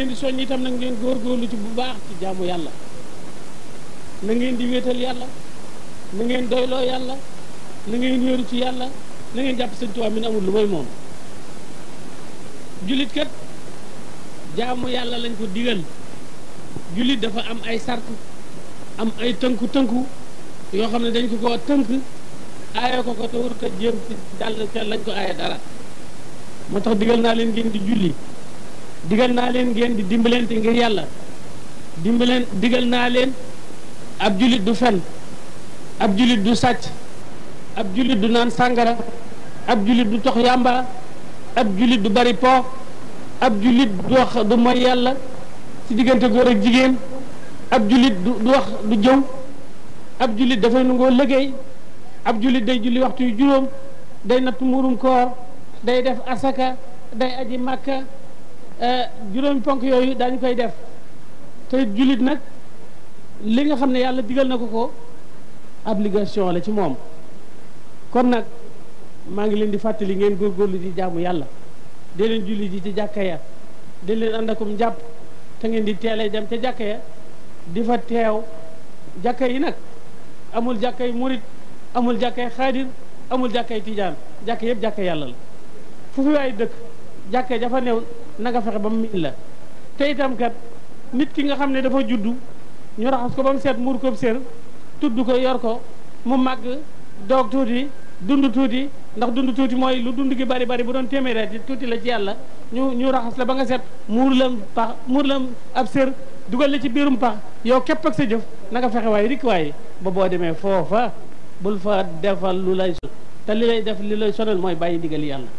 leen di soññ itam nag ngeen góorlu ci bu baax ci jaamu yàlla na ngeen di wéetal yàlla na ngeen doyloo yàlla na ngeen wéeru ci yàlla na ngeen jàpp seen Tuubaa mi amul lu may moom jullit kat jaamu yàlla lañ ko digal jullit dafa am ay sart am ay tënku tënku yoo xam ne dañ ko ko tënk aaya ko ko te warut a jéem ci dàll ca lañ ko aaya dara moo tax digal naa leen ngeen di julli digal naa leen ngeen di dimbalante ngir yàlla dimbaleen digal naa leen ab julit du fen ab julit du sàcc ab julit du naan sàngara ab julit du tox yàmba ab julit du bari po ab julit du wax du mooy yàlla ci diggante góor ak jigéen ab julit du du wax du jëw ab julit dafay nangoo liggéey ab julit day julli waxtu yu juróom day natt muurum koor day def asaka day aji màkka Eh, juróomi ponk yooyu daañu koy def te jullit nag li nga xam ne yàlla digal na ko ko obligation la ci moom kon nag maa ngi leen di fàttali ngeen góorgóorlu di jaamu yàlla de leen julli di ci jàkka ya de leen ànd akum jàpp te ngeen di teelee dem ca jàkka ya di fa teew jàkka yi nag amul jàkka yi murit amul jàkka yi xaadir amul jàkka yi tijaan jàkka yëpp jàkka yàlla la fu fi waay dëkk jàkka jafa new na fexe ba mu miin la te itam kat nit ki nga xam ne dafa juddu ñu raxas ko ba mu seet muur ko sér tudd ko yor ko mu màgg doog tuuti dund tuuti ndax dund tuuti mooy lu dund gi bari bari bu doon téeméer tuuti la ci yàlla ñu ñu raxas la ba nga set muur lam pax muur la ab sér dugal la ci biirum pax yow képp ak sa jëf na nga fexe waaye rikk waaye ba boo demee foofa bul fa defal lu lay te li lay def li lay sonal mooy bàyyi ndigal yàlla